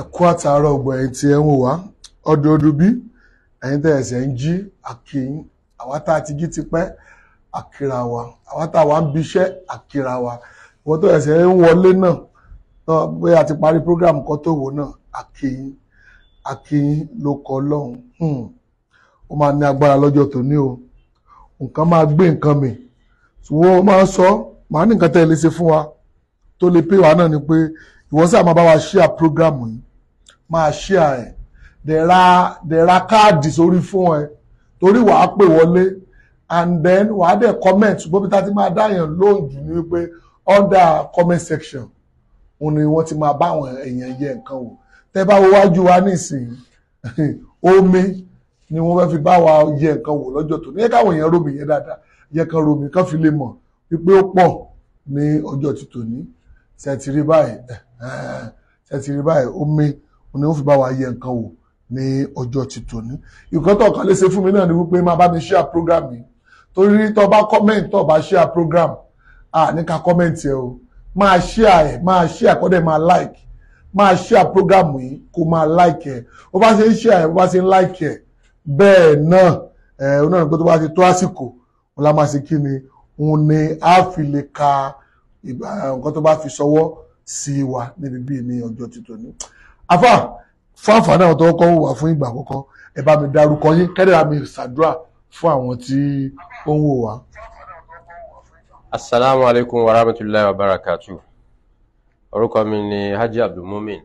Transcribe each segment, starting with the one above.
ẹ̀kú àtàárọ̀ ọgbọ̀n ẹ̀yìn tí ẹ ń wò wá ọdọọdún bí ẹ̀yin tẹ̀ ẹ̀sẹ̀ ń jí àkìyìn àwa tá ti jí àkìrà wa àwa tá a ń biṣẹ́ àkìrà wa ìwọ tó ẹ̀sẹ̀ ń wọlé náà náà bóyá a parí program kan tó wò náà àkìyìn àkìyìn ló kọ ọlọ́run hmm. ó máa ní agbára lọ́jọ́ tòní o nǹkan máa gbé nǹkan mi ṣùgbọ́n ó máa ń sọ màá ní nǹkan tẹ́ ẹ lè ṣe fún wa tó lè pè wá náà ni pé ìwọ sáà máa bá wa ṣíà prógrámù yìí máa share ẹ̀ dẹ̀ra dẹ̀ra káàdì sórí fún ẹ torí wàá pè wọlé and then wàá dẹ̀ comment bóbi tá ti máa dáyàn lóhùn jù ní wípé under comment section òun ni wọ́n ti máa bá àwọn èèyàn yẹ nǹkan wò tẹ́ bá wo wájú wa nísìnyí omi ni wọ́n fẹ́ fi bá wa yẹ nǹkan wò lọ́jọ́ tó ní káwọn èèyàn rómi yẹn dáadáa yẹ kan rómi kan fi lè mọ̀ wípé ó pọ̀ ní ọjọ́ ti tòní ṣe ti rí báyìí ṣe ti rí báyìí omi ni ó fi bá wa yẹ nǹkan wò ní ọjọ́ ti tòní. Ìkan tó kàn lè fún mi náà ni wípé máa bá mi share program yìí torí tó bá comment tó bá share program à ní ká comment ẹ o máa share ẹ máa share kọ́dẹ̀ máa like máa share program yìí kó máa like ẹ bó bá ṣe ń share ẹ bó bá ṣe ń like ẹ bẹ́ẹ̀ náà ẹ̀ ọ́n náà ni pé tó bá ti tó àsìkò wọn la máa ṣe kí ni òun ni a fi lè ka nǹkan tó bá fi ṣọwọ́ sí wa níbi bíi ní ọjọ́ títò ní afa fún àǹfààní àwọn tó kọ́ wà fún ìgbà àkọ́kọ́ ẹ bá mi dárúkọ yín kẹ́dẹ̀rà mi ṣàdúrà fún àwọn tí ó ń wò wá. asalaamu alaykum wa rahmatulahi wa barakatu orúkọ mi ni Haji Abdulmumin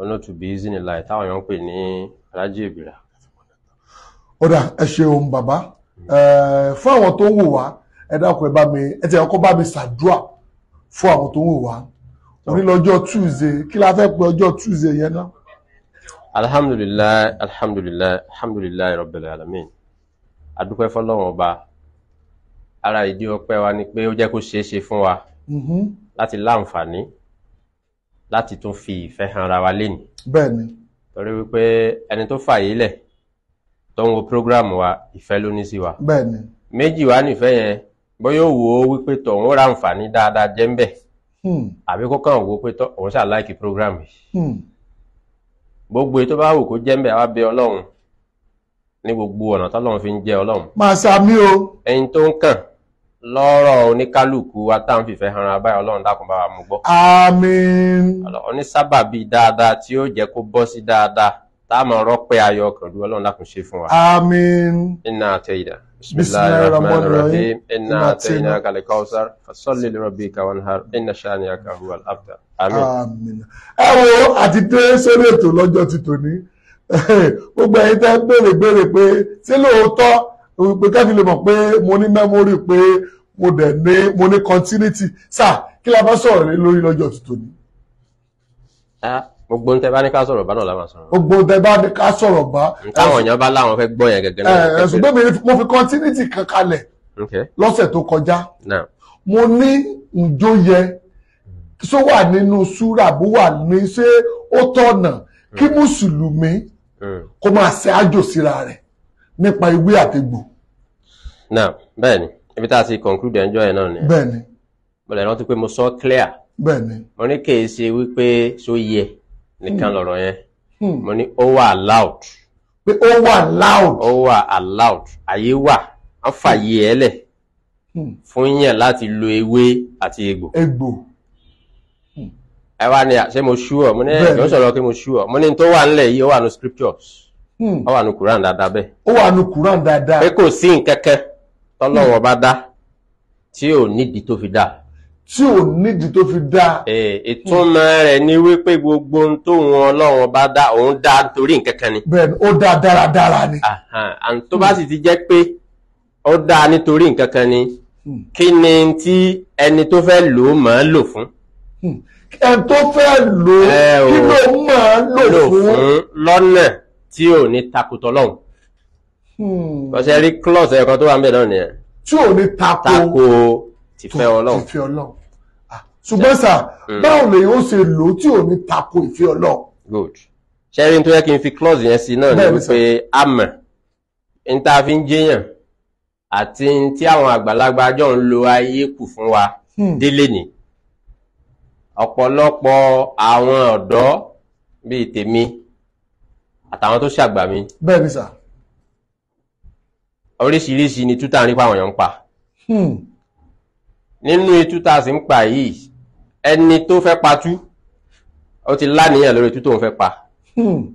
olótùbí zinilai táwọn èèyàn ń pè ní Alhaji Ebira. ọ̀dà ẹ ṣeun bàbá fún àwọn tó ń wò wá ẹ dákun ẹ bá mi ẹ tẹ̀ ọkọ bá mi ṣàdúrà fún àwọn tó ń wò wá òní lọ́jọ́ tuesday kí la fẹ́ pè ọjọ́ tuesday yẹn náà. alhamdulilayi alhamdulilayi alhamdulilayi rabbil alamin adúpẹ́ fọlọ́run ọba ara ìdí ọpẹ́ wa ni pé ó jẹ́ kó ṣeé ṣe fún wa mm-hmm. láti láǹfààní láti tún fi ìfẹ́ hàn ara wa lénìí. bẹ́ẹ̀ni. torí wípé ẹni tó fààyè lẹ̀ tó ń wo program wa ìfẹ́ ló ní sí wa. bẹ́ẹ̀ni. méjì wá nífẹ̀ẹ́ yẹn bóyá ó wò ó wípé tọ̀hún ó ra àǹfààní dáadáa jẹ́ ń bẹ̀. Hmm. àbí kọ́kọ́ òwò pé tọ́ òun ṣáà láìkì program yìí hmm. gbogbo ètò bá wù kó jẹ́ mbẹ́ wá bẹ ọlọ́run ní gbogbo ọ̀nà tọ́lọ́run fi ń jẹ́ ọlọ́run. máa ṣàmì o. ẹyin tó ń kàn lọ́rọ̀ oníkálukú wa tá à ń fìfẹ́ hàn ara báyìí ọlọ́run dákun bá wa mú gbọ́. àmín. ọ̀nì sábàbí dáadáa tí ó jẹ́ kó bọ́ sí dáadáa táàmù rọpẹ́ ayọ̀ kàndú ọlọ́run lákùn ṣe fún wa. àmín. iná àtẹ̀yìdá. bisimilayi rahman rahim. iná àtẹ̀yìdá kalikawusar fasọ́lì lọ́rọ̀bì kawanhar iná sani akahuwal abda. àmín. àmín. ẹ wo àti dé sórí ètò lọ́jọ́ ti tòní gbogbo ẹ̀yin tẹ́ béèrè béèrè pé ṣé lóòótọ́ pé káfí lè mọ̀ pé mo ní mẹ́mórì pé mo dẹ̀ ní mo ní continuity sáà kí la bá sọ̀rọ̀ lórí lọ́jọ́ ti tòní gbogbo ń tẹ bá ní ká sọ̀rọ̀ bá náà la máa sọ̀rọ̀. gbogbo tẹ bá ní ká sọ̀rọ̀ bá. táwọn èèyàn bá láwọn fẹ́ gbọ́ yẹn gẹ́gẹ́ náà. ẹ̀sùn pé mo fi continuity kan kalẹ̀ lọ́sẹ̀ tó kọjá. mo ní ǹjọ́ yẹ só wà nínú súrà bó wà ní ṣé ó tọ̀nà kí hmm. mùsùlùmí hmm. kó máa ṣe àjò síra rẹ̀ nípa ìwé àtegbò. náà bẹ́ẹ̀ni ibi tá a ti conclude ẹjọ́ yẹn náà ni. bẹ́ẹ̀ni. mo lè rántí pé mo sọ clear. bẹ́ẹ̀ni. mo ní kèé ṣe wípé ṣó yẹ nìkan hmm. lọ̀rọ̀ yẹn hmm. mo ní ó wà allowed. pé ó wà allowed. ó wà allowed àyè wà á fàyè ẹ lẹ̀ hmm. fún yẹn láti lo ewé àti egbò. egbò. ẹ wá ní ṣé mo ṣú ọ mo ní ẹ yóò sọ̀rọ̀ pé mo ṣú ọ mo ní tó wà nílẹ̀ yìí ó wà ní scriptures ó wà ní Quran dáadáa bẹ́ẹ̀. ó wà ní Quran dáadáa. pé kò sí nǹkankan tọ́lọ́wọ́ bá dá tí ò nídìí tó fi dáa tí ò nídìí tó fi dáa. ìtumọ̀ hmm. rẹ̀ ni wípé gbogbo ohun tóun ọlọ́run bá dá òun dá torí nǹkan kan ni. bẹ́ẹ̀ni ó dá dáradára ni. àǹtí tó bá sì ti jẹ́ pé ó dá nítorí nǹkan kan ni hmm. kí ni tí ẹni tó fẹ́ lò ó máa lò fún. Hmm. ẹni tó fẹ́ lò ó kí ló máa lò fún. lọ́nà tí ò ní takùtọ̀ lọ́hùn. ọ̀sẹ̀ rí klọ́ọ̀sì ẹ̀kan tó wà ń bẹ̀ náà nìyẹn. tí ò ní tako. tako ti ṣùgbọ́n sà báwo mm. lèyìn ó ṣe lò tí ò ní tako ìfẹ́ ọlọ́run. good ṣẹ́rin tó yẹ kí n fi clause yẹn sí náà ni wípé àmọ́ n ta fi ń jẹyàn àti tí àwọn àgbàlagbà jọ ń lo ayé kù fún wa hmm. délé ni ọ̀pọ̀lọpọ̀ àwọn ọ̀dọ́ bíi tèmi àtàwọn tó ṣàgbà mi. bẹ́ẹ̀ ni sà. oríṣiríṣi ni tútà nípa àwọn èèyàn ń pa. Hmm. nínú tútà sí ń pa yìí ẹni tó fẹ́ pa tú ó ti láníyàn lórí tú tóun fẹ́ pa hmm.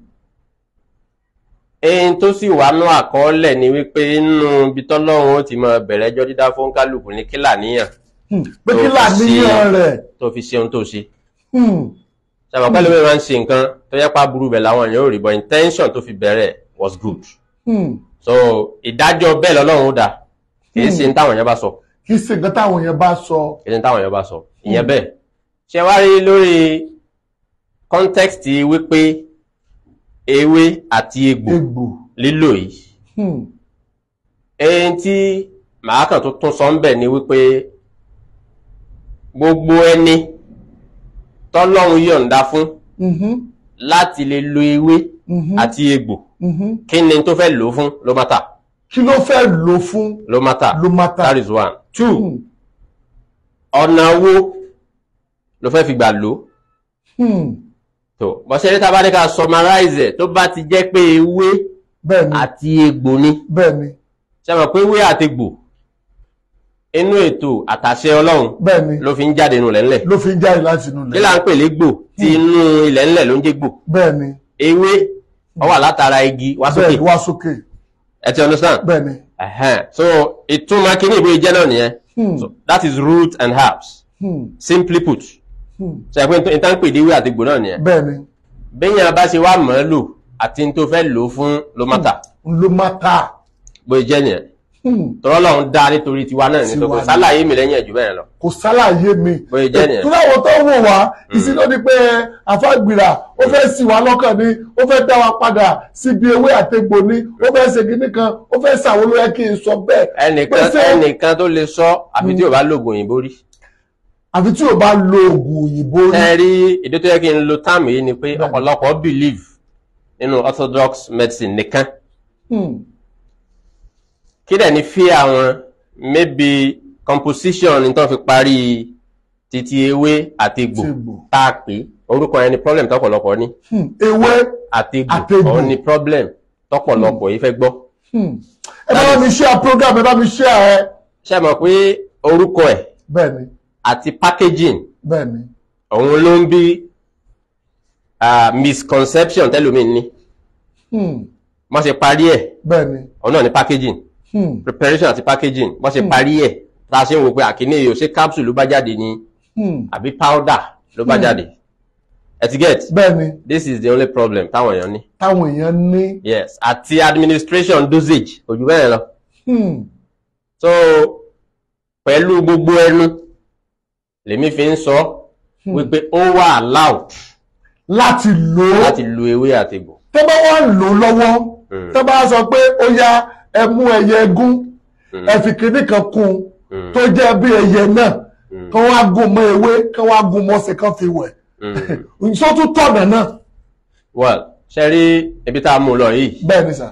ẹyin tó sì wà nú àkọọ́lẹ̀ ni wípé inú ibi tọ́lọ́run ó ti máa bẹ̀rẹ̀ ẹjọ́ dídá fún kálukú ní kílà níyàn hmm. pé kílà níyàn rẹ̀ tó fi ṣe ohun tó ṣe hmm. ṣàmọ̀ pẹ́lú mi máa ń ṣe nǹkan tó yẹ pa burú bẹ̀ láwọn èèyàn ò rí but intention tó fi bẹ̀rẹ̀ was good so ìdájọ́ bẹ́ẹ̀ lọ́lọ́run ó dá kì í ṣe ní táwọn èèyàn bá sọ kì í ṣe nǹkan táwọn èèyàn bá sọ kì í ṣe ní táwọn èèyàn bá sọ ìyẹn bẹ́ẹ̀ ṣẹwárí lórí kọ́ńtẹ́kìtì wípé ewé àti egbò lílò yìí èyí hmm. tí màá kàn tó tún sọ ń bẹ̀ ni wípé gbogbo ẹni tọ́lọ́run yọ̀ǹda fún mm-hmm. láti lè lo ewé mm-hmm. àti egbò mm-hmm. kí ni tó fẹ́ lò fún ló má tà kí ló fẹ́ lò fún ló má tà that is one two ọ̀nà wo ló fẹ́ fi gbà lò tó bọ́sẹ̀ ní tàbá ní ká summarize ẹ̀ tó bá ti jẹ́ pé ewé àti egbò ni sẹ́mọ̀ pé ewé àti egbò inú ètò àtàṣe ọlọ́run ló fi ń jáde inú ilẹ̀ ńlẹ̀ ló fi ń jáde láti inú ilẹ̀ nílà ń pè légbò tí hmm. inú ilẹ̀ ńlẹ̀ ló ń jẹ́ gbò ewé ó wà igi wá sókè ẹ ti understand so ìtumọ̀ kí ní ìwé jẹ́ náà nìyẹn hmm. that is root and herbs hmm. simply put ṣàpé hmm. ìtàn pè déwé àti gbò náà nìyẹn. bẹ́ẹ̀ni. bẹ́yìn abá ṣe wá mọ̀ ọ́ lò àti tó fẹ́ lò fún ló mọ́ta. Hmm. ló mọ́ta. bó ṣe jẹ́ nìyẹn. Hmm. tọ́rọ́ lọ́hún dá nítorí tiwa náà ní kò sálàyé mi lẹ́yìn ẹ̀jú bẹ́ẹ̀ lọ. kò sálàyé mi. bó ṣe jẹ́ nìyẹn. tó láwọn tó wò wá ìsinú ni pé àfàgbìrà ó fẹ́ sì wá lọ́kàn ni ó fẹ́ dá wa padà síbi ewé àtegbò ni ó fẹ́ ṣe kinní kan ó fẹ́ ṣàwolóyẹ kí n sọ bẹ́ẹ̀. ẹnìkan tó lè sọ àfi tí ò bá lògùn òyìnbó rí àfi tí o bá lo oògùn òyìnbó rí. ẹ rí èdè tó yẹ kí n lo táàmù yìí ni pé ọ̀pọ̀lọpọ̀ believe nínú orthodox medicine nìkan hmm. kí dẹ̀ ni fear àwọn maybe composition ní tó fi parí títí ewé àti egbò tá a pè orúkọ yẹn ni problem tọ́pọ̀lọpọ̀ ní. Hmm. ewé àti egbò òun ni problem tọ́pọ̀lọpọ̀ hmm. yìí fẹ́ gbọ́. ẹ bá mi share program ẹ bá mi share a ṣé ẹ mọ̀ pé orúkọ ẹ̀. bẹ́ẹ̀ ni àti packaging bẹ́ẹ̀ni òun ló ń bí misconception tẹ́lómi ní wọ́n hmm. ṣe parí ẹ̀ bẹ́ẹ̀ni òun náà ni packaging hmm. preparation àti packaging wọ́n ṣe hmm. parí ẹ̀ tá a ṣe ń wo pé àkíní yìí ò ṣe capsule ló bá jáde ni hmm. àbí powder ló bá jáde ẹtì get bẹ́ẹ̀ni this is the only problem táwọn èèyàn ní. táwọn èèyàn ní. yes àti administration dosage ojú bẹ́ẹ̀ lọ. so pẹ̀lú gbogbo ẹnu lèmi fi ń sọ hmm. wípé ó wà loud láti lo láti lo ewé àtegbò tó bá wọ́n lò lọ́wọ́ hmm. tó bá sọ pé ó yá ẹ mú ẹyẹ egún hmm. ẹ fi kinní kan kún tó jẹ́ bí ẹyẹ náà kan wá gún mọ́ ewé kan wá gún mọ́ ọṣẹ kan fi wẹ̀ ṣó tọ̀nà náà. well ṣe rí ibi tá a mú lọ yìí bẹ́ẹ̀ ni sà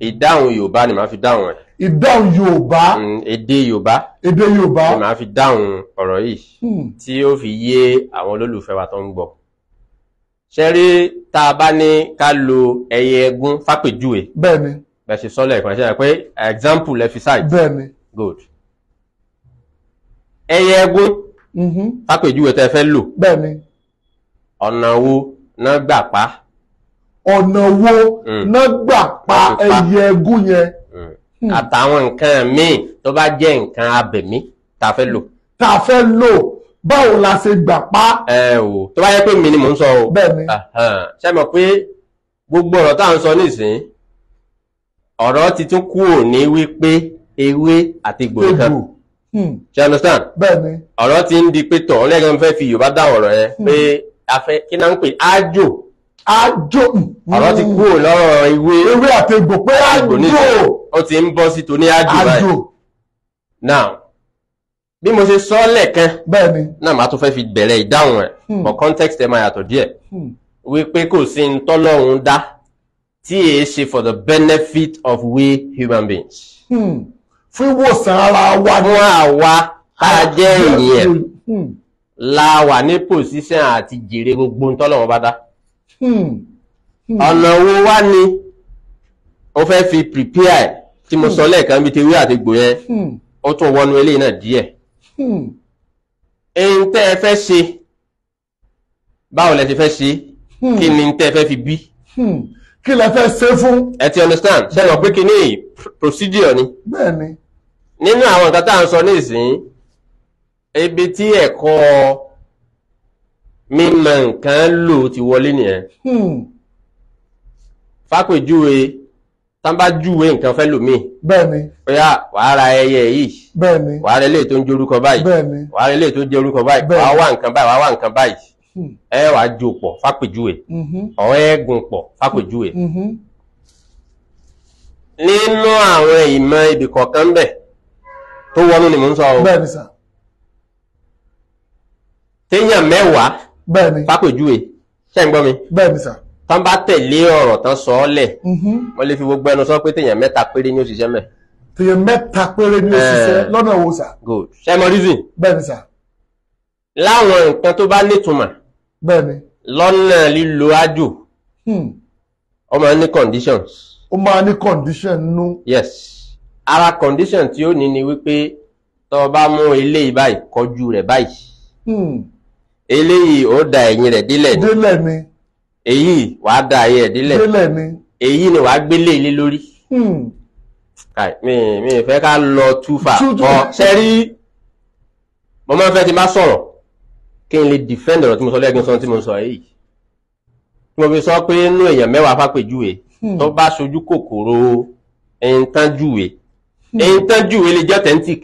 ìdáhùn Yorùbá ni màá fi dáhùn ẹ̀ ìdáhùn yorùbá. Mm, èdè yorùbá. èdè yorùbá. ni màá fi dáhùn ọ̀rọ̀ yìí hmm. tí ó fi yé àwọn olólùfẹ́ wa tó ń gbọ́. ṣe tá a bá ní ká lo ẹyẹ ẹgún fápèjúwe. bẹ́ẹ̀ni. bẹ́ẹ̀ ṣe sọ́lẹ̀ ìpàṣẹ pé example lẹ fi ṣáàjì. bẹ́ẹ̀ni. good. ẹyẹ ẹgún mm-hmm. fápèjúwe tẹ fẹ́ lò. bẹ́ẹ̀ni. ọ̀nà wo náà gbà pa. ọ̀nà wo hmm. náà gbà pa ẹyẹ ẹgún yẹn. Hmm. àtàwọn nǹkan míì tó bá jẹ́ nǹkan abẹ̀mí tá a fẹ́ lò. tá a fẹ́ lò báwo la ṣe gbà pa. ẹ o tó bá yẹ pé mi ni mò ń sọ o. bẹ́ẹ̀ni. ṣé mọ̀ pé gbogbo ọ̀rọ̀ tá à ń sọ nísìnyí ọ̀rọ̀ ti tún kú ò ní wípé ewé àti gbòòrò kan hmm. ṣe understand. bẹ́ẹ̀ni. ọ̀rọ̀ ti ń di pé tọ̀ ọlẹ́gbẹ̀ẹ́ fẹ́ fi yorùbá dá ọ̀rọ̀ yẹn hmm. pé a fẹ́ kí náà ń pè ájò àjò ọ̀rọ̀ ti kúrò lọ́rọ̀ ìwé ewé àtegbò pé àjò ó ti ń bọ́ sí tòní àjò báyìí now bí mo ṣe sọ lẹ́ẹ̀kan bẹ́ẹ̀ni náà màá tún fẹ́ fi bẹ̀rẹ̀ ìdáhùn ẹ̀ for hmm. context ẹ̀ máa yàtọ̀ díẹ̀ hmm. wípé kò sí ń tọ́lọ́run dá tí èé ṣe for the benefit of we human beings. Hmm. fún ìwòsàn ara wa ni. fún àwa tá a jẹ́ ènìyàn la wà ní position àti jèrè gbogbo ń tọ́lọ́run bá dá. ọ̀nà wo wá ni o fẹ́ fi prepare tí mo sọ hmm. lẹ́ẹ̀kan bí ti wí àtìgbò yẹn hmm. ó tún wọnú eléyìí náà díẹ̀ hmm. ẹ̀yin tẹ́ ẹ fẹ́ ṣe báwo lẹ ti fẹ́ ṣe kí ni tẹ́ ẹ fẹ́ fi bí kí lẹ fẹ́ ṣe fún ẹ ti understand ṣe mọ̀ pé kí ni procedure ni bẹ́ẹ̀ni nínú àwọn nǹkan tá à ń sọ nísìnyí ibi tí ẹ̀kọ́ mímọ̀ nǹkan lò ti wọlé nìyẹn fápèjúwe. Hmm tán bá júwe nǹkan fẹ́ lòmíì. bẹ́ẹ̀ni. bóyá wàá ra ẹyẹ yìí. bẹ́ẹ̀ni. wàá rẹ léè tó ń jẹ orúkọ báyìí. bẹ́ẹ̀ni. wàá rẹ léè tó ń jẹ orúkọ báyìí. bẹ́ẹ̀ni. wàá wá nǹkan báyìí wàá wá nǹkan báyìí. Hmm. ẹ wàá jó pọ̀ fápèjúwe. Mm-hmm. ọ̀hún ẹ̀gùn pọ̀ fápèjúwe. Mm-hmm. nínú àwọn ìmọ̀ ibì kọ̀ọ̀kan bẹ̀ tó wọnú ni mò ń sọ o. bẹ́ẹ̀ni sà. téèyàn mẹ́wàá. bẹ́ẹ̀ni. fápèjúwe. ṣé ń gbọ́ mi? bẹ́ẹ̀ni sà tán bá tẹ̀lé ọ̀rọ̀ tán sọ ọ́ lẹ̀ mhm. wọ́n lè fi gbogbo ẹnu sọ pé téèyàn mẹ́ta péré ní òṣìṣẹ́ mẹ́. téèyàn mẹ́ta péré ní òṣìṣẹ́ eh. lọ́nà wo sà. good sẹ́mọ reason. bẹ́ẹ̀ni sà. láwọn nǹkan tó bá nítumọ̀. bẹ́ẹ̀ni. lọ́nà lílo ájò. Hmm. ó máa ní conditions. ó máa ní condition nú. yes ara condition tí ó ní ni wípé tó o bá mú ilé báyìí kọjú rẹ̀ báyìí. Hmm. eléyìí ó da ẹ̀yìn rẹ̀ délẹ̀ ni. délẹ̀ ni èyí wàá da ayé ẹ̀ dílẹ̀ èyí ni wàá gbélé ilé lórí hmm. mi mi fẹ́ ká lọ túfà ọ sẹ́rí mo máa ń fẹ́ ti bá sọ̀rọ̀ kí n lè defend ọ̀rọ̀ tí mo sọ lẹ́gbẹ̀ẹ́ sọ́n tí mo sọ yìí tí mo fi sọ pé inú èèyàn mẹ́wàá fàpèjúwe hmm. tó bá sojú kòkòrò ẹ̀yìn hmm. tán júwe lè jẹ́ authentic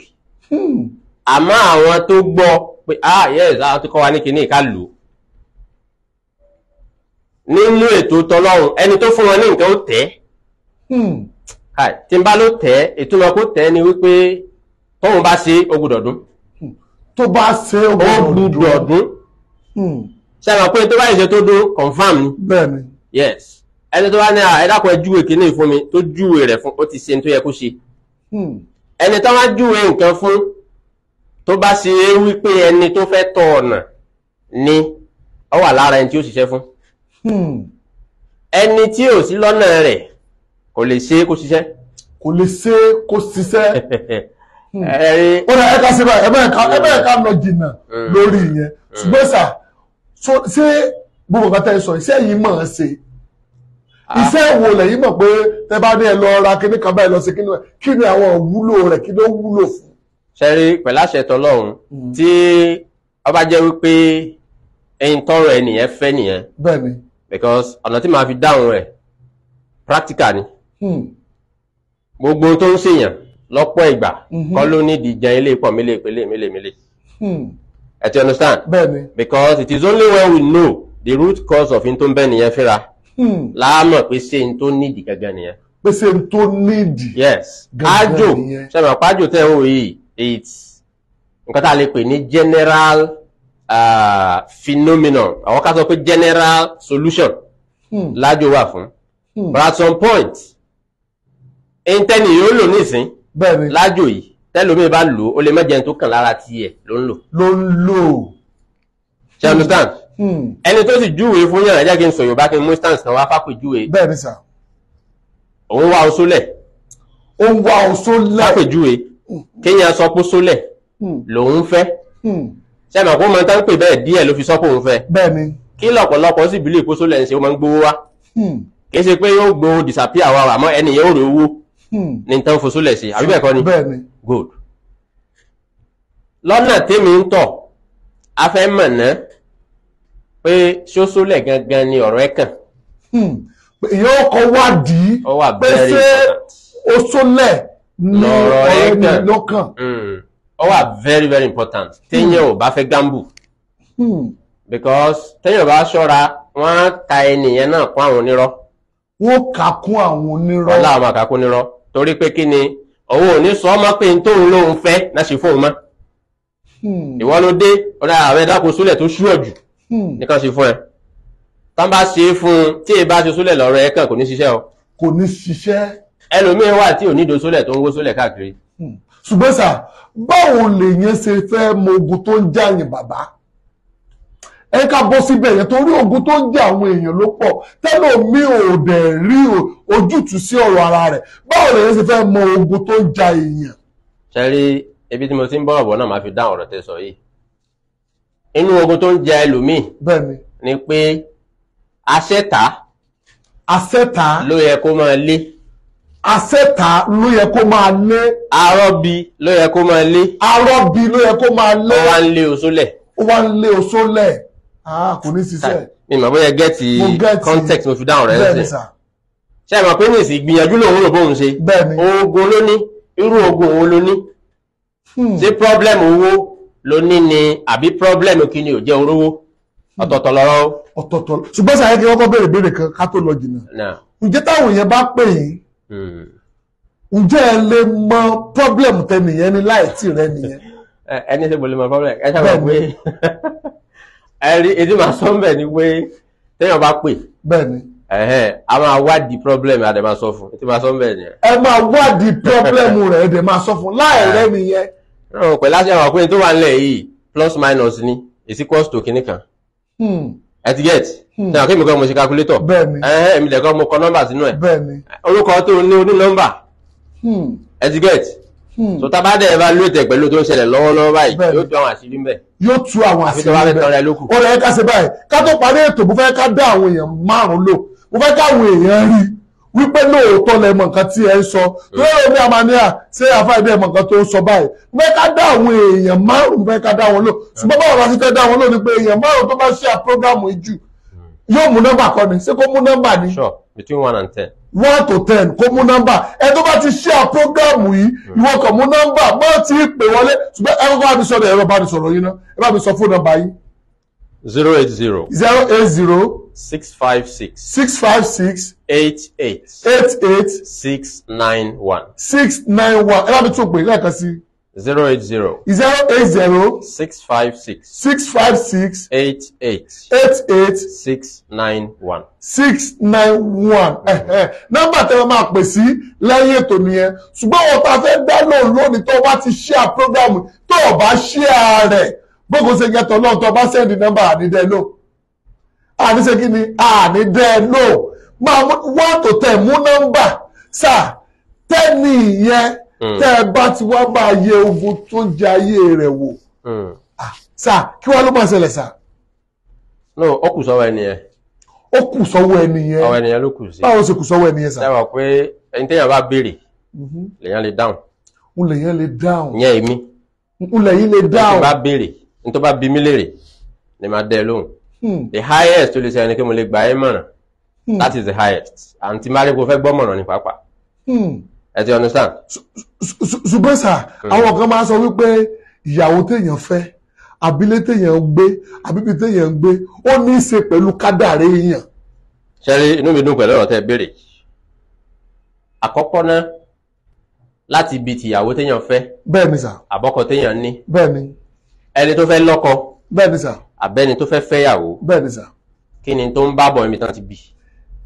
àmọ́ àwọn tó gbọ́ pé ah yes àwọn tó kọ́ wa ní kinní ká lò ó nínú ètò tọlọ́run ẹni tó fún wọn ní nǹkan ó tẹ́ hmm. tí n bá ló tẹ́ ìtumọ̀ kó tẹ́ ni wípé tóun bá ṣe ó gbọ́dọ̀ dún. Hmm. tó bá ṣe ó gbọ́dọ̀ dún. sẹ́wọ̀n hmm. pé tó bá ìṣe tó dún confam ni. bẹ́ẹ̀ni. yes ẹni tó bá ní à ẹ dákun ẹ júwe kínní fún mi tó júwe rẹ̀ fún ó ti ṣe ní tó yẹ kó ṣe. ẹni tó wá júwe nǹkan fún tó bá ṣe é wípé ẹni tó fẹ́ tọ̀ ọ̀nà ni ó wà lára ẹni tí ó ṣiṣẹ́ fún. Hmm. ẹni tí ò sí lọ́nà rẹ̀ kò lè ṣe kó ṣiṣẹ́ kò lè ṣe kó ṣiṣẹ́ hmm. ó rẹ̀ ẹ̀ka síbẹ̀ ẹ̀bẹ̀ ẹ̀ka lọ jìnnà hmm. lórí ìyẹn ṣùgbọ́n sà ṣé gbogbo kata ẹ sọ iṣẹ́ yìí mọ̀ ọ́n ṣe ah. iṣẹ́ wo lẹ́yìn mọ̀ pé tẹ bá ní ẹ lọ ra kíní kan báyìí lọ sí kíní kí ni àwọn wúlò rẹ̀ kí ló wúlò fún. ṣẹ́rí pẹ̀láṣẹ tọlọ́run tí ọba jẹ́ wípé ẹyin tọrọ ẹnìyẹn fẹ́ nìyẹn. bẹ́ẹ̀ ni because ọ̀nà tí màá fi dáhùn rẹ̀ practical ni hmm. gbogbo tó ń ṣèyàn lọ́pọ̀ ìgbà mhm. kọ́ ló ní ìdíjẹ ilé pọ̀ mílé ìpele mílé mílé ẹ ti understand because it is only when we know the root cause of ntó ń bẹ́ nìyẹn fínra hmm. láàmọ̀ pé ṣé n tó nídìí gangan nìyẹn. pé ṣé n tó nídìí. yes ájò sẹ́mi àpájò tẹ̀ ń wò yìí it's nǹkan tá a lè pè ní general Ah, phenomenon àwọn ká sọ pé general solution hmm. lájò wà fún hmm. but at some point intanet yóò lò nísìn lájò yìí tẹ́lómi bá lò ó lè mẹ́jẹ tó kàn lára tiẹ̀ ló ń lò. ló ń lò. ṣe understand hmm. Hmm. ẹni tó sì júwèé fún yàrá jẹ́ kí n sọ Yorùbá kí n mú instance kan wá fápè júwèé. bẹ́ẹ̀ ni sà. òun wá o sólẹ̀. ó ń wá o sólẹ̀. fápè júwèé hmm. kéèyàn sọ pé sólẹ̀ lòun fẹ́ sẹ́mi ma máa ń tán pè bẹ́ẹ̀ díẹ̀ ló fi sọ́pọ̀ òun fẹ́. bẹ́ẹ̀ni. kí lọ̀pọ̀lọpọ̀ sì bílẹ̀ ìkóso lẹ̀ ń ṣe ó máa ń gbowó wá. Hmm. kìí ṣe pé yóò gbowó disappear wa àmọ́ ẹni yẹn ò rè owó hmm. ní tán foṣù lẹ̀ sí àbí bẹ́ẹ̀ kọ́ ni. bẹ́ẹ̀ni. good. lọ́nà tèmi ń tọ̀ a fẹ́ mọ̀ ná pé ṣóṣó lẹ̀ gangan ni ọ̀rọ̀ ẹ̀ kàn. Hmm. yóò kọ wádìí pé ṣé oṣó lẹ̀ ni ọ̀rọ̀ ẹ̀ kàn ó wà very very important téèyàn ò bá fẹ́ gamble hmm. because téèyàn bá ṣọ́ra wọ́n á ka ẹnìyẹn náà kún àwọn onírọ́. wọ́n kà kún àwọn onírọ́. wọ́n láwọn kà onírọ́ torí pé kí ni òun ò ní sọ ọmọ pé tóun lóun fẹ́ náà ṣe fóun mọ́. Hmm. ìwọ ló dé ọ̀dà àwọn ẹ̀dá kò súlẹ̀ tó ṣúọ̀ jù hmm. nìkan ṣe fún ẹ. tán bá ṣe é fún un tí èyí bá ṣe súlẹ̀ lọ́rọ̀ ẹ kàn kò ní ṣiṣẹ́ o. kò ní ṣiṣẹ́. ẹlòmíín wà tí ò ní ìdó súlẹ̀ tó ń wó súlẹ̀ káàkiri ṣùgbọ́n sà báwo lèyẹn ṣe fẹ́ mọ ogun tó ń jà yín bàbá ẹ ká bọ́ síbẹ̀ yẹn torí ogun tó ń jà àwọn èèyàn ló pọ̀ tẹ́lẹ̀ mi ò dẹ̀ rí ojútùú sí ọ̀rọ̀ ara rẹ̀ báwo lèyẹn ṣe fẹ́ mọ ogun tó ń jà èèyàn. sẹ́rí ibi tí mo ti ń bọ̀rọ̀ bọ̀ náà máa fi dáhùn ọ̀rọ̀ tẹ́ sọ yìí inú ogun tó ń jà ẹlòmíì ni pé asẹ́ta ló yẹ kó máa lé asẹ́ta ló yẹ kó máa lé. arọ́bi ló yẹ kó máa lé. arọ́bi ló yẹ kó máa lé. ó wá ń lé oṣó lẹ̀. ó wá ń lé oṣó lẹ̀ kò ní ṣiṣẹ́. mi mọ̀ bóyá gẹ́ẹ̀tì context mo fi dáhùn rẹ̀ ṣe. ṣé ẹ mọ̀ pé ní ìsìn ìgbìyànjú lòun rò bóun ṣe. bẹ́ẹ̀ni oògùn ló ní irú oògùn òun ló ní. Hmm. ṣé problem owó ló ní ni àbí problem kí ni ò jẹ́ orówó hmm. ọ̀tọ̀ọ̀tọ̀ lọ́rọ́. ọ̀tọ̀ọ̀tọ̀ ṣùgbọ́n sàyẹ́kẹ́ kọ́kọ́ béèrè béèrè kan ká tó lọ jìnnà. ǹjẹ́ táwọn èèyàn bá pè yín ǹjẹ́ ẹ lè mọ problem tẹnìyẹn ní láìtì rẹ nìyẹn. ẹni ṣe mo lè mọ problem ẹ ṣàbẹ̀ pé ẹrí èdè máa sọ mbẹ ni pé téèyàn bá pè. bẹ́ẹ̀ni. a máa wádìí problem a dẹ̀ máa sọ fún ètò máa sọ mbẹ nìyẹn. ẹ máa wádìí problem rẹ ẹ dẹ̀ máa sọ fún láìrẹ nìyẹn. pẹ̀lú àti àwọn àpéyìn tó wà nílẹ̀ yìí plus minus ni is equals to kìnnìkan ẹ ti get ṣe àwọn akéèmí kan mo ṣe calculator ẹ̀hẹ́ èmi lẹ̀kọ́ mo kọ nọ́mbà sínú ẹ̀ orúkọ tó ní oní nọ́mbà hmm. ẹ ti get hmm. so tá bá dẹ̀ evaluate pẹ̀lú tó ń ṣẹlẹ̀ lọ́wọ́lọ́wọ́ báyìí yóò tú àwọn àṣírí mbẹ̀. yóò tú àwọn àṣírí mbẹ̀ ó rẹ̀ ká ṣe báyìí ká tó parí ètò mo fẹ́ ká dá àwọn èèyàn márùn lò mo fẹ́ káwọn èèyàn rí wípé lóòótọ́ lẹ mọ̀ nǹkan tí ẹ ń sọ lóòótọ́ ní amania ṣé àfáàdé ẹ mọ̀ nǹkan tó ń sọ báyìí fẹ́ ká dá àwọn èèyàn márùn-ún fẹ́ ká dá wọn lò ṣùgbọ́n báwo la ti fẹ́ dá wọn lò ni pé èèyàn márùn-ún tó bá ṣe à prógámù ìjù hmm. yóò mú nọ́mbà kan ni ṣé kó mú nọ́mbà ni. sure between one and ten. one to ten kó mú nọ́mbà ẹ tó bá ti ṣe à prógámù yìí hmm. ìwọ kàn mú nọ́mbà mọ́ ti pè wọlé ṣùgbọ́n ẹ kọ́kọ́ bá zero eight zero. zero eight zero. six five six. six five six. eight eight. eight eight. six nine one. six nine one ẹ bá mi tún pè lẹ́ẹ̀kan sí. zero eight zero. zero eight zero. six five six. six five six. eight eight. eight eight. six nine one. six nine one. nọ́mbà tẹ́wọ́ máa pè sí lẹ́yìn ètò nìyẹn ṣùgbọ́n wọn ta fẹ́ dá lóun lónìí tó o bá ti ṣíà program tó o bá ṣíà rẹ̀ bóko ṣe yẹ tọ́lọ́ tó bá sẹ́ndì nọ́mbà ànídẹ́ lò àníṣe kí ni ànídẹ́ lò máa wá tó tẹ̀ mú nọ́mbà sáà tẹ́ni ìyẹn hmm. tẹ́ ẹ bá ti wá máa yẹ ogun tó ń jẹ ayé rẹ̀ wò sáà hmm. kí wọ́n ló máa ṣẹlẹ̀ sáà. no ó kù sọ́wọ́ ẹni yẹn. ó kù sọ́wọ́ ẹni yẹn. ọwọ́ ẹni yẹn ló kù sí. báwo ṣe kù sọ́wọ́ ẹni yẹn sáà. ẹ wà pé ẹni téèyàn bá béèrè mhm. lèèyàn lè dáhùn. n lèèyàn lè dáhùn. ìyẹn èmi. n lèyìn lè dáhùn. n ti bá béèrè ní tó bá bí mí léèrè ni máa dẹ́ lóhùn hmm. the highest tó lè ṣe ẹni kí mo lè gbà ẹ́ mọ̀ràn hmm. that is the highest àǹtí márí kò fẹ́ gbọ́ mọ̀ràn ní pàápàá hmm. ẹ ti understand. ṣùgbọ́n sà àwọn kan máa sọ wípé ìyàwó téèyàn fẹ́ àbílé téèyàn ń gbé àbíbi téèyàn ń gbé ó ní í ṣe pẹ̀lú kádàrí èèyàn. ṣẹ́rí inú mi dùn pẹ̀lú ọ̀rọ̀ tẹ́ béèrè àkọ́kọ́ náà láti ibi tìyàwó téèyàn fẹ́. bẹ́ẹ̀ ni sà. àbọ́kọ téèyàn ní. bẹ́ẹ̀ ni ẹni tó fẹ́ lọ́kọ. bẹ́ẹ̀ ni sà. àbẹ́ni tó fẹ́ fẹ́yàwó. bẹ́ẹ̀ ni sà. kí ni tó ń bá bọ̀ níbi tán ti bí.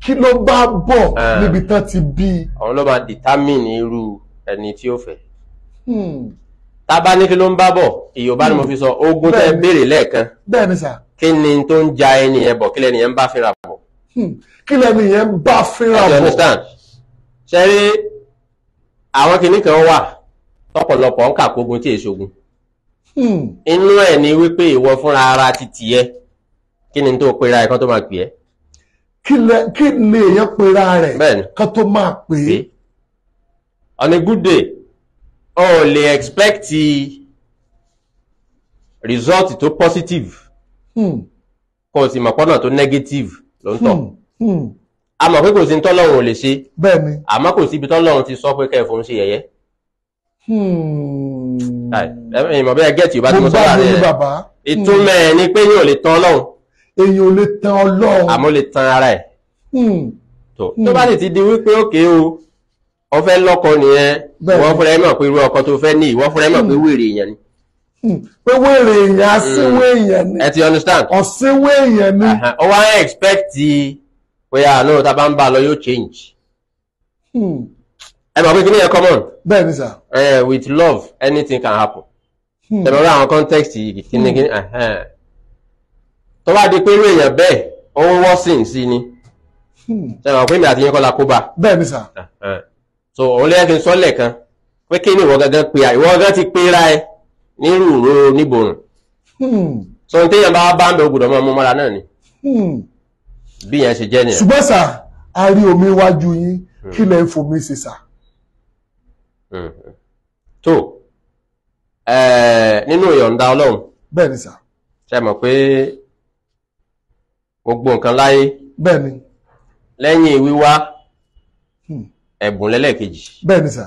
kí ló bá bọ̀ ah. níbi tán ti bí. àwọn ló máa determine irú ẹni tí ó fẹ́. Hmm. tábà ní kí ló ń bá bọ̀ ìyóbá ni mo hmm. fi sọ ogún tẹ́ béèrè lẹ́ẹ̀kan. bẹ́ẹ̀ ni sà. kí ni tó ń ja ẹni yẹn bọ̀ kí lẹ́ni yẹn ń bá fínra bọ̀. Hmm. kí lẹ́ni yẹn ń bá fínra bọ̀. ṣe rí àwọn kìnnìkan wà tọ́pọ̀lọpọ̀ ń kà kógun tí èso Hmm. inú ẹ̀ ni wípé ìwọ fúnra ara ti tì ẹ́ kí ni tó pera ẹ̀ kan tó máa pè ẹ́. kí ni èèyàn pera rẹ̀ kan tó máa pè é. on a good day o oh, lè expect result tó positive hmm. kò sì mọ̀ pọ́nà tó negative ló ń tọ̀ hmm. a pé kò sí tọ́lọ́run ò lè ṣe àmọ́ kò síbi tọ́lọ́run ti sọ pé kẹ́ẹ̀fọ́ ń ṣe yẹ̀yẹ́. Hmm ìmọ̀ bẹ́ẹ̀ gẹ́ẹ̀tì bá ti mọ́ sọ́ra rẹ̀ ìtumọ̀ ẹ̀ ni pé yóò lè tan ọlọ́run èyàn ò lè tan ọlọ́run àmọ́ lè tan ara ẹ̀ hmm. Hmm. tó bá sì ti di wípé òkè o wọ́n fẹ́ lọ́kọ nìyẹn wọ́n fúnra ẹ̀ mọ̀ pé irú ọkọ tó fẹ́ ní ìwọ́n fúnra ẹ̀ mọ̀ hmm. pé wèrè èèyàn ni. pé wèrè èèyàn asínwó èèyàn ni ẹ ti understand ọ̀sínwó èèyàn ni. ó wá expect bóyá àná tá a bá ń bá a lọ yóò change ẹ mọ̀ pé kí ni yẹn common. bẹ́ẹ̀ ni sà. with love anything can happen. Hmm. ẹ mọ̀ pé àwọn context yìí kí ni kí ni hmm. tó bá di pé irú èèyàn bẹ́ẹ̀ ó ń wọ́sìn sí ni hmm. ẹ mọ̀ pé mi àti yín kọ́ la kó bá. bẹ́ẹ̀ ni sà. so òun lè fi sọ́lẹ̀ kan pé kí ni ìwọ gangan pe àìwọ gangan ti pera ẹ nírú ìró níborùn. so n téèyàn bá bá ń bẹ ògùdọ̀ mọ́ ọmọ mọ́ra náà ni. bí yẹn ṣe jẹ́ nìyẹn. ṣùgbọ́n sà a rí omi iwájú yín kí lẹ́ ń fomi ṣe sà. tó nínú ìyọ̀ǹda ọlọ́run bẹ́ẹ̀ni sà ṣe mọ̀ pé gbogbo nǹkan láyé bẹ́ẹ̀ni lẹ́yìn wíwá hmm. ẹ̀bùn lẹ́lẹ́kejì bẹ́ẹ̀ni sà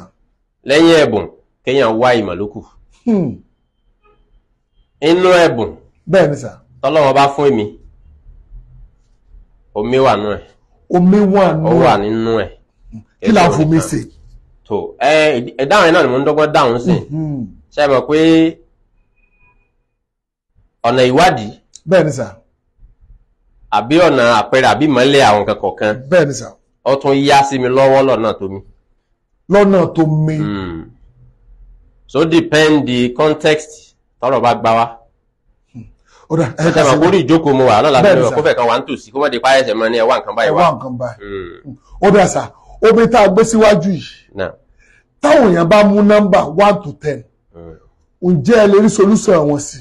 lẹ́yìn ẹ̀bùn kéèyàn wá ìmọ̀ lókù hmm. inú ẹ̀bùn bẹ́ẹ̀ni sà tọ́lọ́wọ́ bá fún èmi omi wà nú ẹ̀ omi wà nú ẹ̀ ó wà nínú ẹ̀ kí la fomi ṣe tó ẹ̀dáhùn náà ni mo ń dọ́gbọ́n dáhùn sí mhm. ṣe mọ̀ pé ọ̀nà ìwádìí bẹ́ẹ̀ni sà àbí ọ̀nà àpẹẹrẹ àbí mọ́lẹ̀ àwọn nǹkan kọ̀ọ̀kan bẹ́ẹ̀ni sà ó tún yá sí mi lọ́wọ́ lọ́nà tó mi lọ́nà tó mi hmm. so depend the context tọ́rọ̀ bá gbá wa hmm. ọ̀dà ẹ̀ka sẹ́wọ̀n kórì ìjókòó mo wà lọ́la fún mi kó fẹ́ kan wà ń tòsí kó mọ̀ di páyẹ̀sẹ̀ mọ́ ní ẹ̀wà nǹkan báyìí wà hmm. ọ̀dà sà omi tá a gbé síwájú yìí táwọn èèyàn bá mú nọ́mbà one to ten hmm. ǹjẹ́ ẹ lè rí solúsọ̀ wọn sí.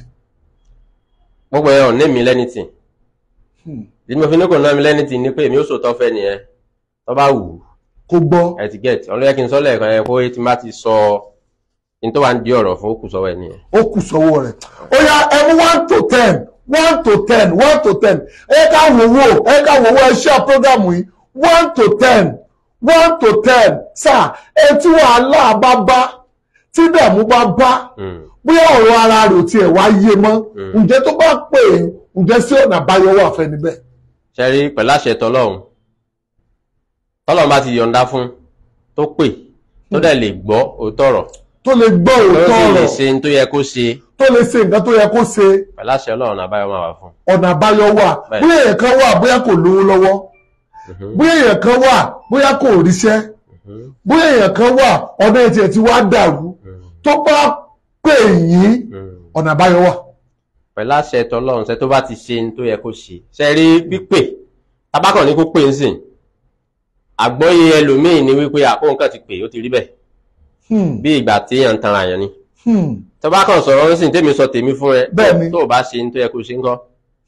gbogbo ẹ̀ ọ̀nà mi lẹ́ni tì ìdí mo fi ní kò ná mi lẹ́ni tì pé èmi ó sòótọ́ fẹ́ nìyẹn tó bá wù ú. kó gbọ́. ẹ ti get ọlọ́yẹ kí n sọ lẹ́ẹ̀kan ẹ kó e ti má ti sọ ní tó wà ń di ọ̀rọ̀ fún ó sọ́wọ́ ẹ nìyẹn. ó kù sọ́wọ́ rẹ̀ ó yá ẹ one to ten one to ten one to ten ẹ ká wò wò ẹ ká wò yìí one to ten one to ten sa, etí wàhálà bá bá tí dààmú bá bá hmm. bóyá ọ̀rọ̀ ara rò tiẹ̀ wá yé mọ́ hmm. ǹjẹ́ tó bá pè é ǹjẹ́ sí ọ̀nà àbáyọ wà fẹ́ níbẹ̀. ṣẹ́rí pẹ̀lú àṣẹ tọlọ́run tọlọ́run bá ti yọ̀ǹda fún tó pè tó dẹ̀ lè gbọ́ òótọ́ ọ̀rọ̀ tó lè gbọ́ òótọ́ ọ̀rọ̀ tó lè ṣe tó yẹ kó ṣe tó lè ṣe nǹkan tó yẹ kó ṣe. pẹ̀lú àṣẹ ọlọ́run àbáyọ wà fún. ọ̀nà àbáyọ wà bóyá ẹ̀ẹ̀kan Mm-hmm. bóyá èèyàn kan wà bóyá kò ríṣẹ́ mm-hmm. bóyá èèyàn kan wà ọ̀nà ètò ẹ̀ ti wá dàrú mm-hmm. tó bá pè yín ọ̀nà àbáyọ wà. pẹ̀lú àṣẹ tọlọ́run ṣe tó bá ti ṣe ní tó yẹ kó ṣe ṣe rí pípè tabakọ̀ ní kó pè ń sìn àgbọ́yé ẹlòmíì ni wípé àkóhùn kan ti pè ó ti rí bẹ́ẹ̀ hmm. bí ìgbà tí èèyàn ń tanra yẹn ni hmm. tabakọ̀ sọ̀rọ̀ ń sìn tèmi sọ tèmi fún ẹ tó bá ṣe ní tó yẹ kó ṣe ń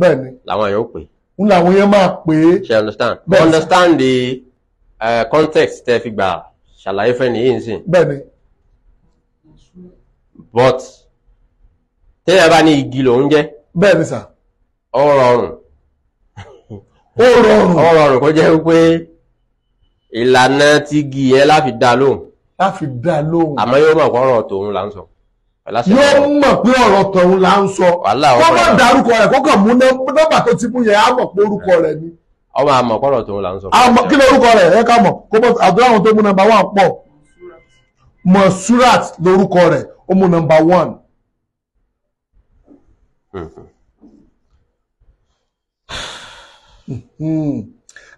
bẹ́ẹ̀ ni làwọn yóò pè. n làwọn yẹn máa pè é. understand bẹ́ẹ̀ understand the uh, context tẹ́ fi gbà ṣàlàyé fẹ́ nìyí nsìn. bẹ́ẹ̀ but téèyàn bá ní igi lòún jẹ́. bẹ́ẹ̀ ni sà. ó rọrùn. ó rọrùn. ó rọrùn kó jẹ́ pé ìlànà ti igi yẹn láfi dá lóhùn. láfi dá lóhùn. àmọ́ yóò mọ̀ kọ́rọ̀ tòun là ń sọ yóò mọ̀ pé ọ̀rọ̀ tọ̀hún là ń sọ kó má dárúkọ rẹ̀ kókàn mú nọ́mbà tó ti mú yẹn á mọ̀ pé orúkọ rẹ̀ ni. ọmọ àmọ̀ kọ́rọ̀ tọ̀hún là ń sọ. àmọ́ kí ló orúkọ rẹ̀ ẹ ká mọ̀ kó mọ̀ àdúrà àwọn tó mú nọ́mbà one pọ̀ Monsurat lórúkọ rẹ̀ ó mú nọ́mbà one.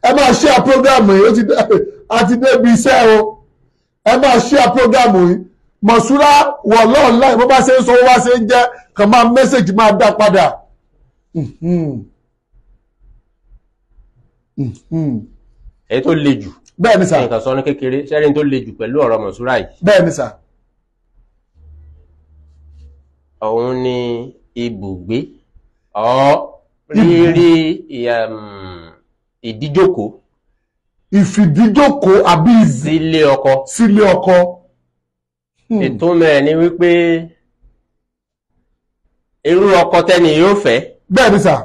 ẹ máa ṣe à yìí ó ti dé àti débi iṣẹ́ o ẹ máa ṣe à yìí mọ̀súrá wọ̀ lọ́ọ̀lá ìbọn bá ṣe ń sọ wọ́n wá ṣe ń jẹ́ kàn máa mẹ́sẹ̀gì máa dá padà. èyí mm-hmm. mm-hmm. tó le jù bẹ́ẹ̀ ni sà nǹkan sọ ní kékeré sẹ́rin tó le jù pẹ̀lú ọ̀rọ̀ mọ̀súrá yìí. bẹ́ẹ̀ ni sà. òun ni ibùgbé ọ rírí um, ìdíjókòó. ìfìdíjókòó àbí ìzì ọkọ. sílé ọkọ. Hmm. ìtumọ̀ ẹ̀ ni wípé irú ọkọ tẹ́ni yóò fẹ́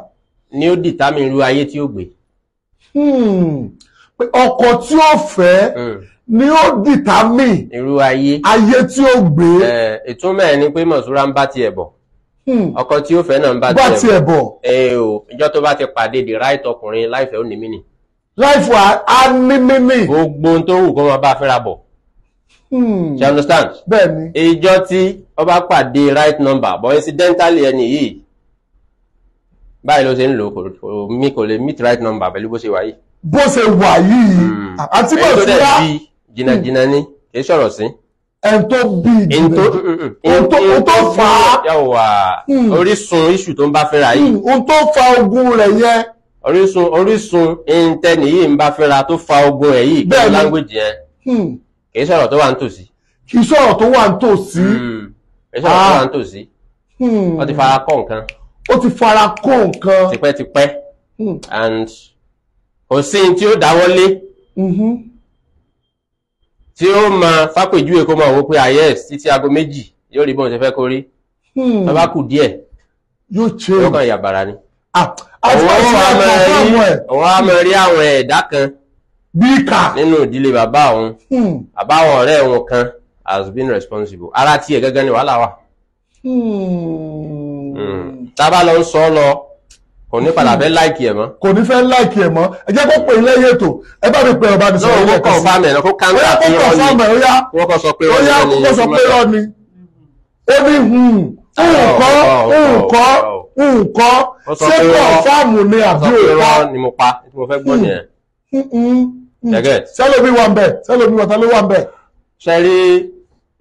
ni ó dìtámì irú ayé tí ó gbé hmm. pé ọkọ tí ó fẹ́ hmm. ni ó dìtámì irú ayé ayé tí ó gbé eh, ìtumọ̀ ẹ̀ ni pé mọ̀súra ń bá tiẹ̀ bọ̀ ọkọ tí ó fẹ́ náà ń bá tiẹ̀ bọ̀ eh, ìjọ tó bá ti pàdé the right ọkùnrin láìfẹ́ ó ní mí nì láìfẹ́ á ní mí nì gbogbo ohun tó wù kó máa bá fẹ́ra bọ̀ ṣe hmm. understand. bẹ́ẹ̀ni. ìjọ tí ọba pàdé right number but incidentally ẹni yìí báyìí ló ṣe ń lò kò mi kò lè meet right number pẹ̀lú bó ṣe wà yìí. bó ṣe wà yìí. Hmm. àti bó ṣe wá jìnnàjìnnà ni kì í sọ̀rọ̀ sí. ẹn tó bí ìdílé ohun mm, mm, mm. tó fà á. yàwá hmm. orísun iṣu tó ń bá fẹ́ra yìí. ohun tó fa ogun rẹ̀ yẹn. orísun orísun ìǹtẹ̀ nìyí ń bá fẹ́ra tó fa ogun ẹ̀ yìí pẹ̀lú language yẹn kì í sọ̀rọ̀ tó wà ń tòsí. kì í sọ̀rọ̀ tó wà ń tòsí. Hmm. kì í sọ̀rọ̀ tó wà ń tòsí. Hmm. ó ti fara kọ́ nǹkan. ó ti fara kọ́ nǹkan. tipẹ́tipẹ́ hmm. and kò sí tí ó dáwọ́lé mm-hmm. tí ó máa fápèjúwe kó máa wo pé ayes ah, títí aago méjì yóò rí bóun ṣe fẹ́ kó rí tó bá kù díẹ̀ yóò ṣe yóò kàn yàbàrà ni. àwọn ah, ọmọ rí àwọn ẹ̀dá kan bíkà. nínú ìdílé bàbá òun hmm. bàbá àwọn ọ̀rẹ́ òun kan has been responsible ara tiẹ̀ gẹ́gẹ́ ni wàhálà wà. Hmm. Hmm. tábà lọ ń sọ ọ lọ kò ní padà fẹ́ láìkì ẹ̀ mọ́. kò ní fẹ́ láìkì ẹ̀ mọ́ ẹ jẹ́ kó pè é lẹ́yìn ètò ẹ bá mi pè ọba mi sọ̀rọ̀ lẹ́kọ̀ọ́ sí. lọ́wọ́ kọ́ fáàmì ẹ̀ kó káńtà pé ọ́ ni wọ́n kọ́ sọ pé ọ́ ni ó ní sọ pé ọ́ ni ó ní nǹkọ́ nǹkọ́ nǹkọ́ ṣé kọ́ fáàmù ni àbí òkọ́. ó sọ pé ọ́ ni mo pa mo fẹ́ gbọ́ nìyẹn sẹ́lómi mm-hmm. wà ń bẹ̀ sẹ́lómi wà tálẹ́ wà ń bẹ̀. ṣe rí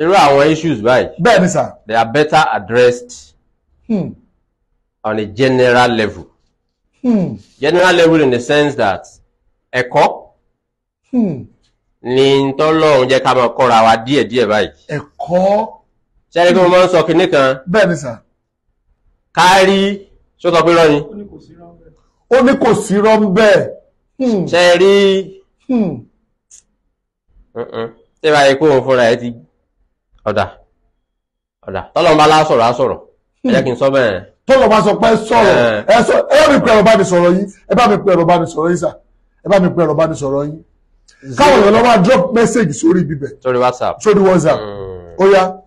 irú àwọn issues báyìí. bẹ́ẹ̀ ni sà. they are better addressed hmm. on a general level. Hmm. general level in the sense that ẹ̀kọ́ hmm. ni tọ́lọ́run jẹ́ ká máa kọ́ra wa díẹ̀díẹ̀ báyìí. ẹ̀kọ́. ṣe rí pé mo máa ń sọ kinní kan. bẹ́ẹ̀ ni sà. kárí ṣó sọ pé rọ́ọ̀yìn. ó ní kò sí rọ́ọ̀ bẹ́ẹ̀. Hmm. ṣe rí hmm. ṣé báyìí kó òun fúnra ẹ ti ọ̀dà ọ̀dà tọ́lọ́mọba lásọ̀rọ̀ àsọ̀rọ̀ ẹ kí n sọ bẹ́ẹ̀. tọ́lọ́ bá pé sọ̀rọ̀ eh. ẹ sọ ẹ bá mi pe ẹ̀rọ bá mi sọ̀rọ̀ yín ẹ bá mi pe ẹ̀rọ bá mi sọ̀rọ̀ yín sà ẹ bá mi pe ẹ̀rọ bá mi sọ̀rọ̀ yín. káwọn èèyàn lọ drop message sórí bíbẹ̀. sórí whatsapp sórí whatsapp hmm. ó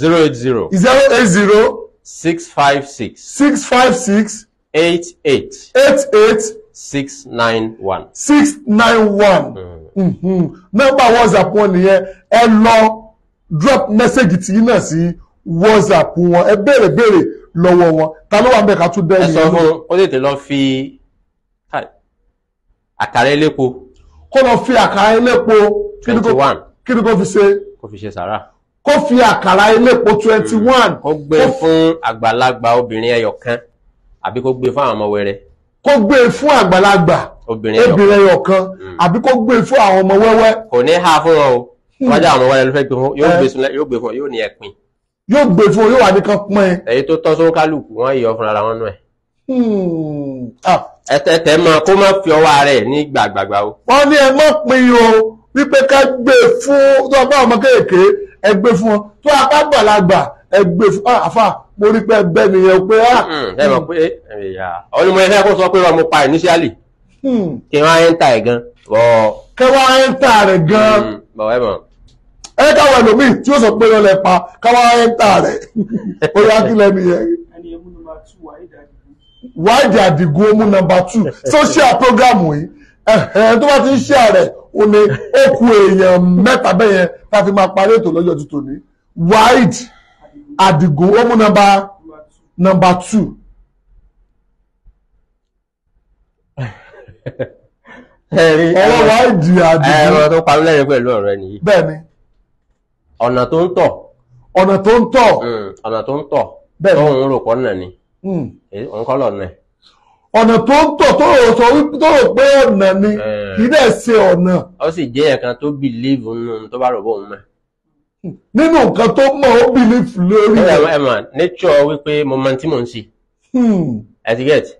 zero eight zero. zero eight zero. six five six. six five six. eight eight. eight eight six nine one. six nine one hmm. mhm. nọ́mbà whatsapp wọn nìyẹn ẹ lọ drop message tí yín náà sí whatsapp wọn ẹ béèrè béèrè lọ́wọ́ wọn ta ló wà bẹ́ẹ̀ ká tún dẹ́ ẹ sọ fún ó tètè lọ fi àkàrà elépo. kó lọ fi àkàrà elépo twenty one kí ni kò fi ṣe. kò fi ṣe sàrà. kó fi àkàrà elépo twenty one. Hmm. kó gbé fún àgbàlagbà obìnrin ẹyọ kan àbí kó gbé fún àwọn ọmọ wẹrẹ kó gbé e fún àgbàlagbà obìnrin ẹyọ hmm. àbí kó gbé e fún àwọn ọmọ wẹ́wẹ́. kò ní ha fún wọn o wájà hmm. àwọn ọmọ wẹ́wẹ́ ló fẹ́ gbé fún eh. yóò gbé fún yóò gbé fún yóò ní ẹ̀pin. yóò gbé fún yóò wà nìkan pín in. èyí tó tọ́ sówó kálukú wọ́n yọ fúnra wọn nù ẹ̀. Hmm. Ah. ẹtẹ mọ kó má fi ọwọ́ rẹ̀ ní gbàgbàgbà o. wọ́n ní ẹ mọ̀ pin o wípé ká gbé fún tó bá ọmọ kéèké ẹ gbé fún wọn tó apá gbàlagbà ẹgbẹ́ fún ah, àfà mo rí pé ẹgbẹ́ nìyẹn pé á. Ah. Hmm, hmm, ẹ mọ̀ pé ọlọ́mọ ẹ̀fẹ́ kó sọ pé ọmọ pa initially hmm. kí wọ́n á ẹ́ńtà ẹ̀ gan. kí wọ́n á ẹ́ńtà rẹ̀ gan. ẹ káwọn ẹlòmíì tí ó sọ pé ọlọ́ ẹ̀ pa káwọn á ẹ́ńtà rẹ̀ bóyá kí lẹ́nu yẹn. wáìdì àdìgún ọmú nọ́mbà two social program yìí tó bá ti ń ṣe ààrẹ o ní ó ku èèyàn mẹ́ta bẹ́yẹn tá a fi máa parí ètò lọ́jọ́ tuntun ní wáìdì. Àdìgún ó mú nọ́mbà nọ́mbà two. ọwọ́ wa ìdí Àdìgún. ẹ̀rọ tó parí lẹ́yìn pẹ̀lú ọ̀rọ̀ ẹni yìí. bẹ́ẹ̀ni. ọ̀nà tó ń tọ̀. ọ̀nà tó ń tọ̀. Hmm, ọ̀nà tó ń tọ̀ bẹ́ẹ̀ni tó ń rò pọ̀ nà ni. Hmm. òun kọ́ lọ́nà ẹ̀. ọ̀nà tó ń tọ̀ tó rò sọ tó rò pé ọ̀nà ni eh. kì í dẹ̀ ṣe ọ̀nà. ó sì jẹ́ ẹ̀kan tó bìlíìfù nínú tó bá rò bóun mẹ́ nínú nǹkan tó mọ̀ ó believe lórí rẹ̀. ẹ nature wípé mo máa tí mò ń ṣe etiquette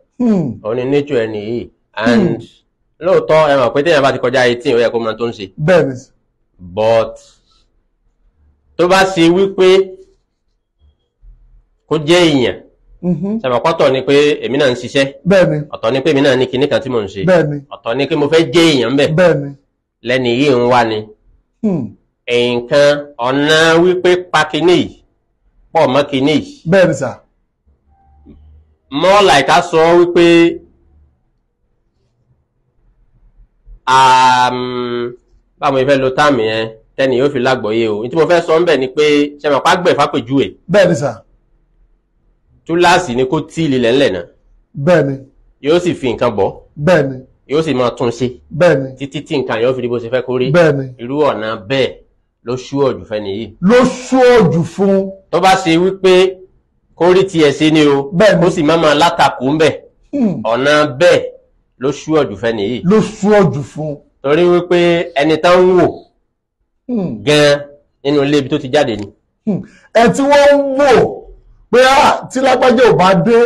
òun ni nature ẹni yìí hmm. and lóòótọ́ ẹ mọ̀ pé téèyàn bá ti kọjá eighteen ó yẹ kó mọ tó ń ṣe. bẹ́ẹ̀ni. but tó bá ṣe wípé kó jẹ́ èèyàn sàmọ̀kọ́tọ̀ mm-hmm. ni pé èmi náà ń ṣiṣẹ́ ọ̀tọ̀ ni pé èmi náà ní kinní kan tí mò ń ṣe ọ̀tọ̀ ni pé mo fẹ́ jẹ́ èèyàn bẹ́ẹ̀ lẹ́ni yìí ń wá ni. Hmm nǹkan ọ̀nà wípé pa kinní yìí pọ̀ mọ́ kinní yìí. bẹ́ẹ̀ ni sà. more like a sọ wípé um, báwo ni fẹ́ lo táàmì yẹn tẹ́ni yóò fi lágbọ̀ọ́yé o ní tí mo fẹ́ sọ ń bẹ̀ ni pé ṣe mọ̀ pàgbẹ̀ fàpèjúwe. bẹ́ẹ̀ ni sà. túláàsì ni kó tí ilẹ̀ ńlẹ̀ náà. bẹ́ẹ̀ ni. yóò sì fi nǹkan bọ̀. bẹ́ẹ̀ ni. yóò sì máa tún ṣe. bẹ́ẹ̀ ni. títí tí nǹkan yóò fi di bó ṣe fẹ́ kó rí. irú ọ̀nà bẹ́ẹ̀ ló ṣúọ̀jù fẹ́ni yìí. ló ṣúọ̀jù fún. tó bá ṣe wípé kó rí tiẹ̀ ṣe ni o kó sì má máa látakò ń bẹ̀ hmm. ọ̀nà bẹ́ẹ̀ ló ṣúọ̀jù fẹ́ni yìí. ló ṣúọ̀jù fún. torí wípé ẹni tá ń wò hmm. gan-an nínú ilé ibi tó ti jáde ni. Hmm. ẹ tí wọ́n ń wò pé ah, tí lágbájá ò bá dé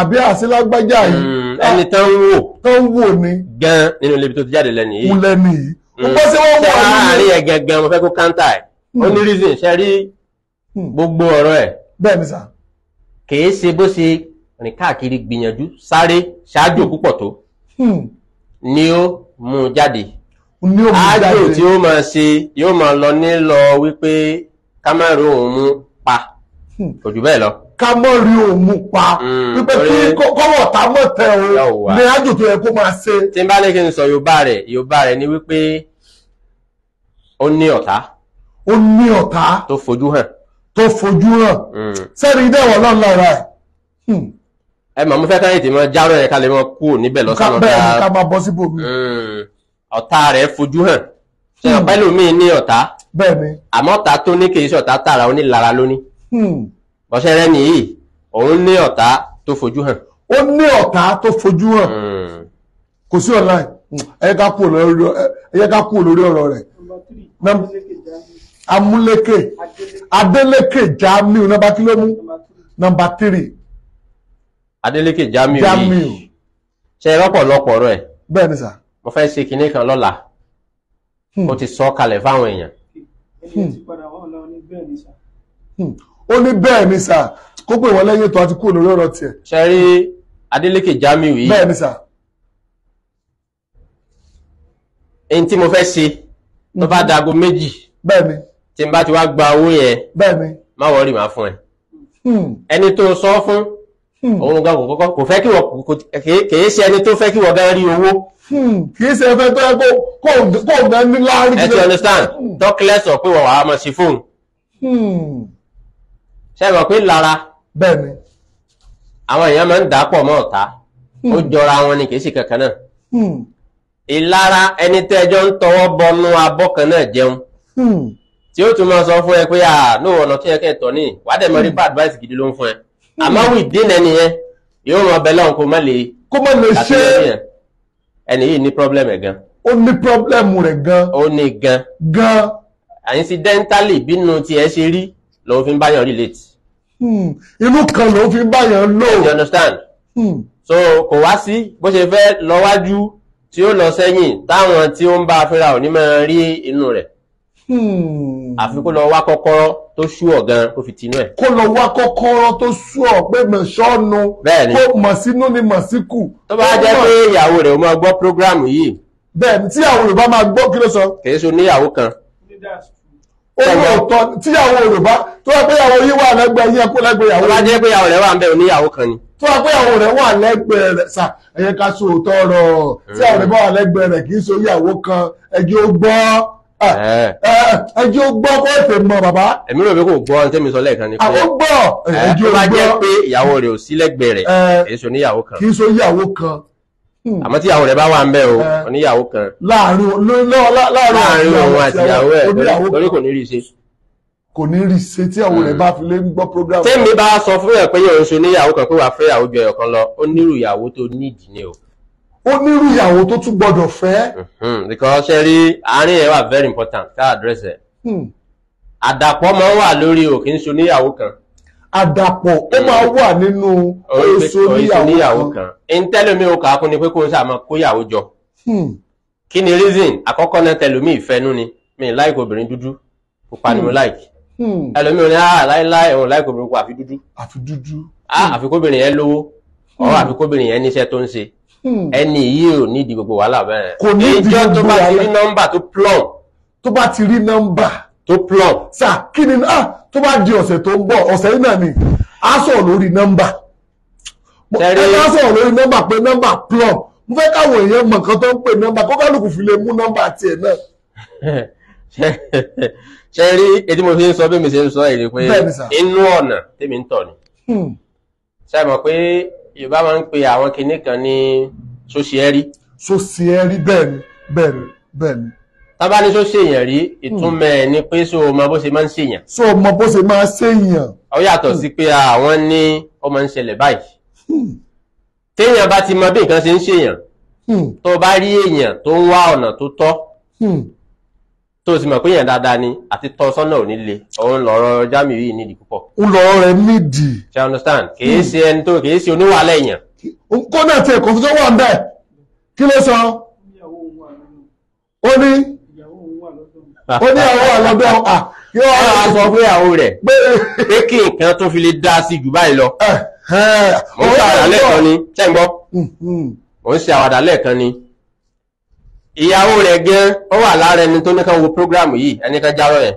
àbí àṣìlágbájá ah, yìí. ẹni tá ń wò. tó ń wò ni. gan-an nínú ilé ibi tó ti jáde lẹ́nu yìí gbogbo sí wọ́n wọ́n ní. láàárín ẹ̀ gẹ̀gẹ̀ mo fẹ́ kó káńtà ẹ̀ hmm. ó ní reason ṣe rí hmm. gbogbo ọ̀rọ̀ ẹ̀. bẹ́ẹ̀ ni sà. kìí ṣe bó ṣe rìn káàkiri gbìyànjú sáré ṣáájú hmm. púpọ̀ tó ni ó mú jáde ájò tí ó máa ṣe yóò máa lọ nílọ wípé kámẹ́rù òun mú pa kò jù bẹ́ẹ̀ lọ ká mọ́ rí òmu pa mm, wípé kí kọ́wọ̀ tá mọ̀ tẹ o ní ájò tó yẹ kó máa ṣe. tí n bá ní kí n sọ yorùbá rẹ̀ yorùbá rẹ̀ ni wípé ó ní ọ̀tá. ó ní ọ̀tá. tó fojú hàn. tó fojú hàn. Mm. sẹ́ni ilé ẹ̀wọ̀n náà lọ́ra ẹ̀. Hmm. ẹ mọ̀ mo fẹ́ ká ètè mọ járọ̀ yẹn ká lè mọ kú níbẹ̀ lọ́sàn-án. ká bẹ́ẹ̀ ni ká máa bọ́ síbò mi. Mm. ọ̀tá rẹ̀ fojú hàn. ṣé hmm. ọ̀pẹ́ lómi ní ọ̀tá. bẹ́ẹ̀ ni. àmọ́ ọ̀tá tó ní kì í ṣọ̀tá tààrà ó ní lára lóní. Hmm. ọ̀ṣẹ́rẹ́ nìyí òun ní ọ̀tá tó fojú hàn. ó ní ọ̀tá tó fojú hàn hmm. kò sí ọ̀la ẹ̀ kú lórí ọ̀rọ̀ rẹ̀ amúlékè adélékè jamiu nọ́mbà kí ló mú nọ́mbà tírì. yìí ṣe lọ́pọ̀lọpọ̀ rẹ̀. mo fẹ́ ṣe kinní kan lọ́la hmm. ti sọ kalẹ̀ fáwọn èèyàn. ó ní bẹ́ẹ̀ ni sà kó pè wọ́n lẹ́yìn ètò àti kúrò lórí ọ̀rọ̀ tiẹ̀. ṣẹ́rí Adeleke Jamiu yìí bẹ́ẹ̀ ni sà. èyí tí mo fẹ́ ṣe tó bá mm-hmm. dago méjì bẹ́ẹ̀ ni tí n bá ti wá gba owó yẹn bẹ́ẹ̀ ni má wọ́n rì má fún ẹ mm-hmm. ẹni tó sọ fún mm-hmm. òun gan kò kọ́kọ́ kò fẹ́ kí wọ́n kìí ṣe ẹni tó fẹ́ kí wọ́n gan rí owó. kìí ṣe ẹfẹ tó yẹ kó kó gan ní láàárín. ẹ ti understand dókílẹ̀ sọ pé wọ́n wàá mọ̀ sí fóun ṣẹ́gbọ̀n pé lára bẹ́ẹ̀ni àwọn èèyàn máa ń dà pọ̀ mọ́ ọ̀tá hmm. ó jọra wọn ni kìí sì kankan náà hmm. ìlara ẹni tẹ́ ẹjọ́ ń tọwọ́ bọnú abọ́ kan náà jẹun hmm. tí ó tún máa sọ fún ẹ pé à ní ọ̀nà tó yẹ kẹ́ tọ̀ ní wàá dẹ̀ mọ́ nípa advice gidi ló ń fún ẹ àmọ́ wì dín ẹni yẹn yóò ràn ọbẹ̀ lọ́hùn kó má lè kó má lè ṣe ẹni yìí ní problem ẹ̀ gan ó ní problem rẹ̀ gan ó ní gan gan incidentally bínú tiẹ̀ ṣe rí lòun fi ń báyàn relate. Hmm. inú kan lòun fi ń báyàn lò. you understand. Hmm. so kò wá sí bó ṣe fẹ́ lọ wájú tí ó lọ sẹ́yìn táwọn tí ó ń bá a fẹ́ra ò ní máa rí inú rẹ̀ hmm. àfi kó lọ wá kọ́kọ́rọ́ tó sú ọ̀ gan kó fi tinú ẹ̀. kó lọ wá kọ́kọ́rọ́ tó sú ọ̀ pé mẹ̀ṣọ́nu kó mọ̀ sínú ni mọ̀ síkù. tó bá jẹ́ pé ìyàwó rẹ̀ ó máa gbọ́ prógráàmù yìí. bẹ́ẹ̀ni tí àwọn Yorùbá máa gbọ́ kí ló sọ. kì í so níyàwó kan owó ọ̀tọ̀ tíyàwó yorùbá tó wá péyàwó yín wà lẹ́gbẹ̀ẹ́ yín ẹkú lẹ́gbẹ̀ẹ́ yàwó. tó bá jẹ́ péyàwó rẹ̀ wà ń bẹ̀ oníyàwó kan ni. tó wá péyàwó rẹ̀ wà lẹ́gbẹ̀ẹ́ rẹ̀ sà ẹ̀yẹ ká so òótọ́ rọ̀ tíyàwó rẹ̀ bá wà lẹ́gbẹ̀ẹ́ rẹ̀ kì í so yàwó kan ẹjẹ́ ó gbọ́ ẹjẹ́ ó gbọ́ kó ètè mọ̀ bàbá. èmi rò pé kò gbọ́ ní tẹ́mi sọ lẹ́ẹ̀kan ni pé àwọn gbọ́ ẹjẹ́ ó gbọ́ Hmm. àmọ́ tí àwọn rẹ̀ bá wà ń bẹ̀ o oníyàwó eh. kan láàrin òun àti ìyàwó ẹ̀ torí kò ní rí ṣe kò ní rí ṣe tí àwọn rẹ̀ hmm. bá fi lé ń gbọ́ program. tẹ́mi bá sọ fún ẹ̀ pé yóò ṣe níyàwó kan pé wàá fẹ́ ìyàwó jọ ẹ̀kan lọ ó nírú ìyàwó tó nídìí ni o. ó nírú ìyàwó tó tún gbọdọ̀ fẹ́. Hmm, because ṣe rí àárín ẹ̀ wà very important ká àdírẹ́sì ẹ̀ àdàpọ̀ máa ń wà lórí òkè ń ṣe níyàwó kan àdàpọ̀ ó máa hmm. wà nínú èso níyàwó kan. ìntẹ́lómi ò kà á kún ni pé kó o sàmọ́ kóyàwó jọ. Hmm. kí ni reason àkọ́kọ́ náà tẹlómi ìfẹ́nu ni mi láìkò obìnrin dúdú pupa ni mo hmm. láìkì. ẹlòmí ò ní àá ah, láíláí òun láìkò obìnrin pupa àfi dúdú. àfi dúdú. Ah, àfikóbìnrin yẹn lówó ọ̀rọ̀ àfikóbìnrin yẹn níṣẹ́ tó ń ṣe ẹni yìí ò ní ìdí gbogbo wàhálà bẹ́ẹ̀. kò ní ìdí gbogbo wàhálà ìjọ tó bá ti rí nọ́mbà tó tó plot sá kí ni náà ah, tó bá di ọ̀sẹ̀ tó ń bọ̀ ọ̀sẹ̀ yìí náà ni a sọ̀rọ̀ lórí nọ́mbà ẹ bá sọ̀rọ̀ lórí nọ́mbà pé nọ́mbà plot mo fẹ́ káwọn èèyàn mọ̀ nǹkan tó ń pè nọ́mbà kó kálukú fi lè mú nọ́mbà tiẹ̀ náà. ṣe rí ètí mo fi ń sọ bí mi ṣe ń sọ èrè pé inú ọ̀nà tèmi ń tọ̀ ni hmm. ṣe mọ̀ pé yorùbá máa ń pe àwọn kinní kan ní sosiẹ́rí. sosiẹ́rí bẹ́ẹ̀ ni bẹ́ẹ̀ tábà ní só ṣèyàn rí hmm. ìtúnmọ̀ ni pé só mọ bó ṣe máa ń ṣèyàn. só mọ bó ṣe máa ń ṣèyàn. ó yàtọ̀ sí pé àwọn ní ó máa ń ṣẹlẹ̀ báyìí. Hmm. téèyàn bá ti mọ bí nǹkan ṣe ń ṣèyàn hmm. tó bá rí èèyàn tó ń wá ọ̀nà tó tọ́ tó ti mọ̀ pé èèyàn ni àti tọ́ sọ́nà ò ní le òun lọ́rọ̀ Jamiu yìí nídìí púpọ̀. ń lọ rẹ nídìí. ṣe understand kìí ṣe ẹni tó kìí ṣe oníwàhálà èèyàn. kó náà tiẹ̀ kò fi tó wà ń bẹ̀ kí ló sọ. ó ó ní ọwọ́ ọlọ́dọ́ à yóò wá sọ fún ìyàwó rẹ̀ pé kí nǹkan tó fi lè dá sí jù báyìí lọ. mo ń ṣàwàdà lẹ́ẹ̀kan ni ṣẹ́ǹgbọ́ hmm, hmm. mo ń ṣàwàdà lẹ́ẹ̀kan ni ìyàwó rẹ̀ gan ó wà lára ẹni tó ní kan wo program yìí ẹni kan járọ yẹn.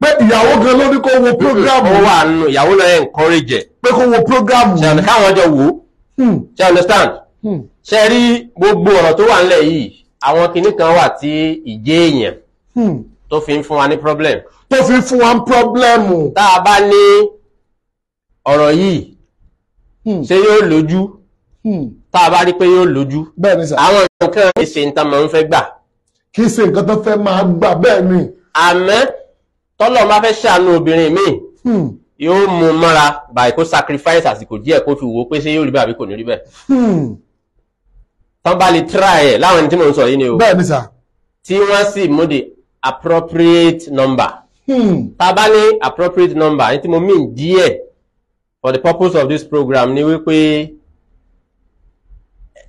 pé ìyàwó gan ló ní kó wo program. ó wà nù ìyàwó náà yẹn encourage ẹ. pé kó wo program yìí. ṣàlùkà àwọn jọ wò hmm. ṣe understand. ṣe rí gbogbo ọ̀rọ̀ tó wà nílẹ̀ yìí àwọn kinní kan wà tí ìjẹ́ èèyàn tó fi ń fún wa ní problem. tó fi ń fún wa ní problem. tá a bá ní ọ̀rọ̀ yìí hmm. ṣé yóò lójú hmm. tá a bá rí pé yóò lójú. bẹ́ẹ̀ ni sà. àwọn nǹkan kì í ṣe nǹkan máa ń fẹ́ gbà. kì í ṣe nǹkan tó fẹ́ máa gbà bẹ́ẹ̀ ni. àmọ́ tọ́lọ̀ máa fẹ́ ṣàánú obìnrin mi hmm. yóò mú mọ́ra báyìí kó sacrifice àsìkò díẹ̀ kó fi wò ó pé ṣé yóò rí bẹ́ẹ̀ àbí kò ní rí bẹ́ẹ̀. tán bá lè try ẹ̀ láwọn ẹni tí mò ń sọ yìí ni o. bẹ́ẹ̀ ni sà. tí wọ́n sì mú appropriate number. Hmm. ní appropriate number ní tí mo mean díẹ̀ for the purpose of this program ni wípé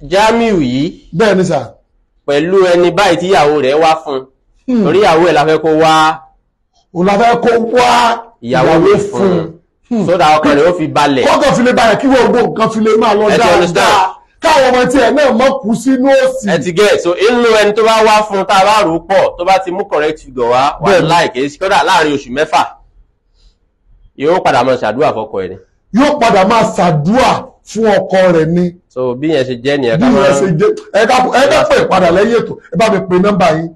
jamiu yìí. bẹ́ẹ̀ ni sà. pẹ̀lú ẹni báyìí tíyàwó rẹ̀ wá fún un hmm. torí ìyàwó ẹ̀ la fẹ́ kó wá. o la fẹ́ kó wá ìyàwó rẹ̀ fún hmm. Hmm. So that ọkàn rẹ̀ ó fi balẹ̀. kọ́kàn fi lè balẹ̀ kí wọ́n gbọ́ nǹkan fi lè máa lọ dáadáa káwọn ọmọ tiẹ̀ náà mọ̀ kú sínú òsì. ẹ ti gẹ̀ so inú ẹni tó bá wá fún tá a bá rò ó pọ̀ tó bá ti mú correct figure wá wà láìké kódà láàrin oṣù mẹ́fà yóò padà máa ṣàdúrà fọ́kọ ẹ̀ ni. yóò padà máa ṣàdúrà fún ọkọ rẹ̀ ni. so bí yẹn ṣe jẹ́ nìyẹn ká máa. bí yẹn ṣe jẹ́ ẹ ká pè padà lẹ́yìn ètò ẹ bá mi pe nọ́mbà yín.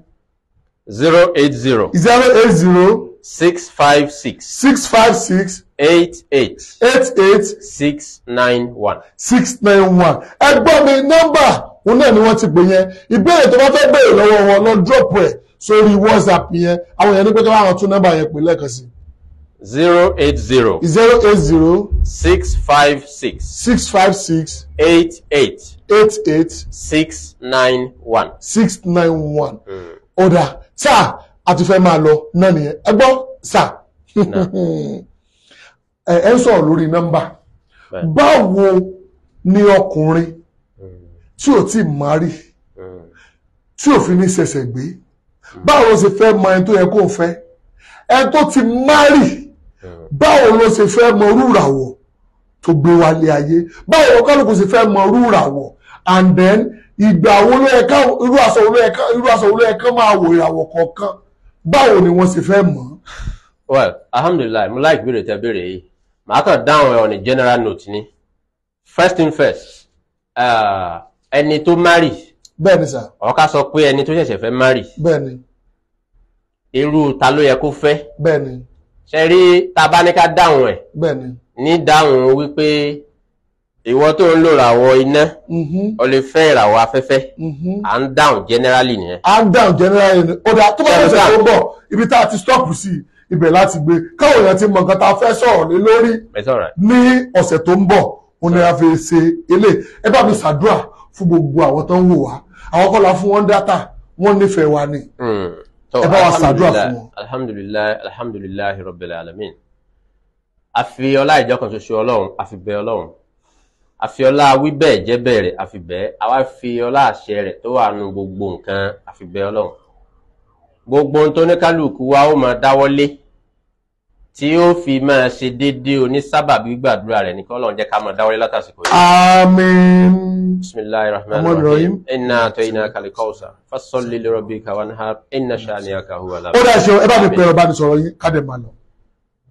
zero eight zero. zero eight zero six five six. six five six. eight eight. eight eight. six nine one. six nine one. ẹgbọ́n mi nọ́mbà òun náà ni wọ́n ti pè yẹn ìbéèrè tó bá fẹ́ béèrè lọ́wọ́ wọn lọ drop ẹ̀ sórí whatsapp yẹn àwọn èèyàn ní pé kí wọ́n àwọn tún nọ́mbà yẹn pè lẹ́ẹ̀kan sí. zero eight zero. zero eight zero. six five six. six five six. eight eight. eight eight. six nine one. six nine one. ọ̀dà hmm. sáà a ti fẹ́ máa lọ náà nìyẹn ẹ gbọ́ sà ẹ ń sọ̀rọ̀ lórí nọ́mbà báwo ni ọkùnrin hmm. tí ò tí mari hmm. tí ò fi ní ṣẹ̀ṣẹ̀ gbé báwo ló ṣe fẹ́ mọ ẹni tó yẹ kó fẹ́ ẹni tó ti mari hmm. báwo ló ṣe fẹ́ mọ rúràwọ̀ tó gbé wálé ayé báwo ló kálukú ṣe fẹ́ mọ rúràwọ̀ and then ìgbà wo ló yẹ ká irú aṣọ wo ló yẹ ká máa wò ìràwọ̀ kọ̀ọ̀kan báwo ni wọ́n ṣe fẹ́ mọ̀. well alhamdulilayi mo láì gbèrè tẹ béèrè yìí màá kàn dáhùn ẹ on a general note ni first thing first uh, ẹni tó marry. bẹ́ẹ̀ni sà. ọ̀ká sọ pé ẹni tó ṣẹ̀ṣẹ̀ fẹ́ marry. bẹ́ẹ̀ni. irú ta ló yẹ kó fẹ́. bẹ́ẹ̀ni. ṣe rí tá a bá ní ká dáhùn ẹ. bẹ́ẹ̀ni. ní dáhùn wípé ìwọ tó ń lo ìràwọ̀ iná mm-hmm. o lè fẹ́ ìràwọ̀ afẹ́fẹ́ mm-hmm. à down, dáhùn generally nìyẹn. à ń dáhùn generally ni ó dáa tó bá tẹ̀sẹ̀ tó ń bọ̀ ibi tá a ti stop sí ibẹ̀ láti gbé káwọn èèyàn ti mọ nǹkan tá a fẹ́ sọ̀rọ̀ lé lórí ní ọ̀sẹ̀ tó ń bọ̀ ó ní a ṣe ilé ẹ bá mi ṣàdúrà fún gbogbo àwọn tó ń wò wá àwọn kọ́lá fún wọn dátà wọ́n nífẹ̀ẹ́ wa ni hmm. ẹ bá wa ṣàdúrà fún wọn. alhamdulilayi alhamdulilayi rabbil alamin a ọlá ìjọkan ṣoṣo Ọlọ́run a bẹ Ọlọ́run àfiọlá wíbẹ̀ jẹ́bẹ̀ rẹ̀ àfibẹ̀ àwa fi ọlá àṣẹ rẹ̀ tó wà nu gbogbo nǹkan àfibẹ̀ ọlọ́run gbogbo ohun tó ní kálukú wa ó máa dáwọ́lé tí ó fi máa ṣe déédéé onísábàbí gbàdúrà rẹ̀ ní kọ́lọ́run jẹ́ ká máa dáwọ́lé látàsìkò yìí. àmín. bismillahir rahmanir rahim inna atayna kal kawthar fasalli li rabbika wanhar inna shani'aka huwal ó dà ṣe ẹ bá mi pẹ̀rọ bá mi sọ̀rọ̀ yín ká dẹ̀ máa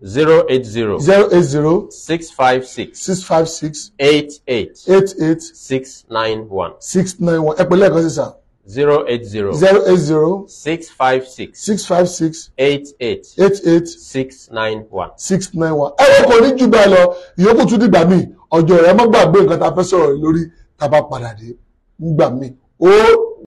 zero eight zero. zero eight zero. six five six. six five six. eight eight. eight eight. six nine one. six nine one ẹ pè lẹ́ẹ̀kan sí sà. zero eight zero. zero eight zero. six five six. six five six. eight eight. eight eight. six nine one. six nine one. ẹ wọ́n kò ní jù bẹ́ẹ̀ lọ ìyókù tún dìgbà míì ọjọ́ rẹ̀ mọ́ gbàgbé nǹkan tá a fẹ́ sọ̀rọ̀ lórí tá a bá padà dé ń gbà míì ó.